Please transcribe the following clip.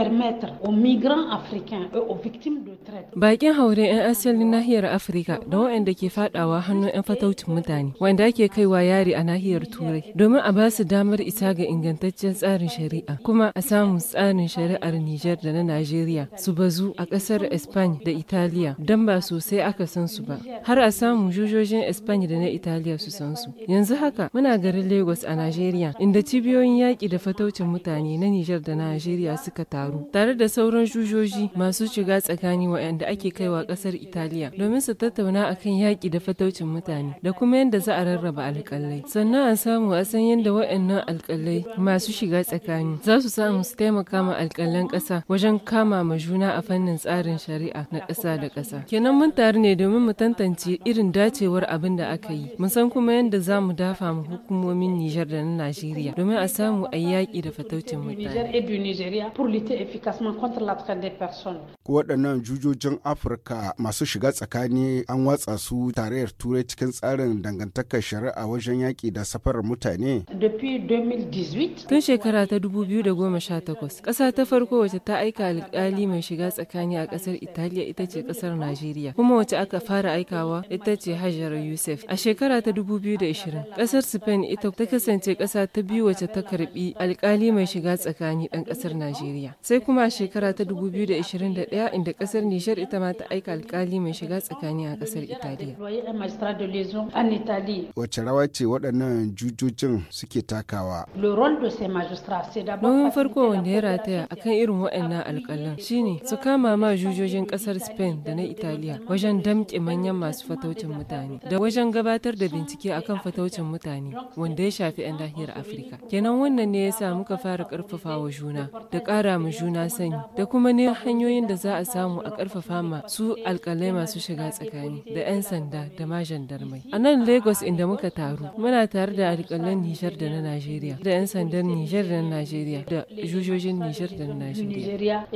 permettre aux migrants africains et aux victimes de traite. Bakin haure 'yan asalin nahiyar Afirka da waɗanda ke fadawa hannun 'yan fataucin mutane, wanda ake kaiwa yari a nahiyar Turai, domin a ba su damar isa ga ingantaccen tsarin shari'a, kuma a samu tsarin shari'ar niger da na Najeriya su bazu a ƙasar Spain da Italiya, don ba sosai aka san su ba. Har a samu jujojin Spain da na Italiya su san su. Yanzu haka muna garin Lagos a Najeriya, inda cibiyoyin yaƙi da fataucin mutane na niger da Najeriya suka taru. tare da sauran jujoji masu shiga tsakani waɗanda ake kaiwa ƙasar Italiya domin su tattauna a kan yaƙi da fataucin mutane da kuma yadda za a rarraba alƙalai. Sannan a samu a san yadda waɗannan alƙalai masu shiga tsakani za su samu su taimaka ma alƙalan ƙasa wajen kama ma juna a fannin tsarin shari'a na ƙasa da ƙasa. Kenan mun taru ne domin mu tantance irin dacewar abin da aka yi, mu san kuma yadda za mu dafa mu hukumomin Nijar da na Najeriya domin a samu a yaƙi da fataucin mutane. lutter efficacement contre la traite des personnes. Waɗannan jujojin Afirka masu shiga tsakani an watsa su tarayyar Turai cikin tsarin dangantakar shari'a wajen yaƙi da safarar mutane. Tun shekara ta 2018, ƙasa ta farko wacce ta aika alƙali mai shiga tsakani a ƙasar Italiya ita ce ƙasar Najeriya, kuma wacce aka fara aikawa ita ce Hajara Yusuf. A shekara ta 2020, ƙasar Spain ita ta kasance ƙasa ta biyu wacce ta karbi alƙali mai shiga tsakani ɗan ƙasar Najeriya. sai kuma a shekara ta 2021 inda kasar nishar ita ma ta aika alkali mai shiga tsakani a kasar italiya wace rawa ce waɗannan jujojin suke takawa nauyin farko wanda ya rataya a kan irin waɗannan alƙalan shine su kama ma jujojin kasar spain da na italiya wajen damƙe manyan masu fataucin mutane da wajen gabatar da bincike a kan fataucin mutane wanda ya shafi 'yan nahiyar afirka kenan wannan ne ya sa muka fara ƙarfafa wa juna da ƙara mu juna sani da kuma ne hanyoyin da za a samu a karfafa ma su alkalai masu shiga tsakani da 'yan sanda da ma jandarmai. A nan Lagos inda muka taru muna tare da alkalan Nijar da na Najeriya da 'yan sandan Nijar da na Najeriya da jujojin Nijar da na Najeriya.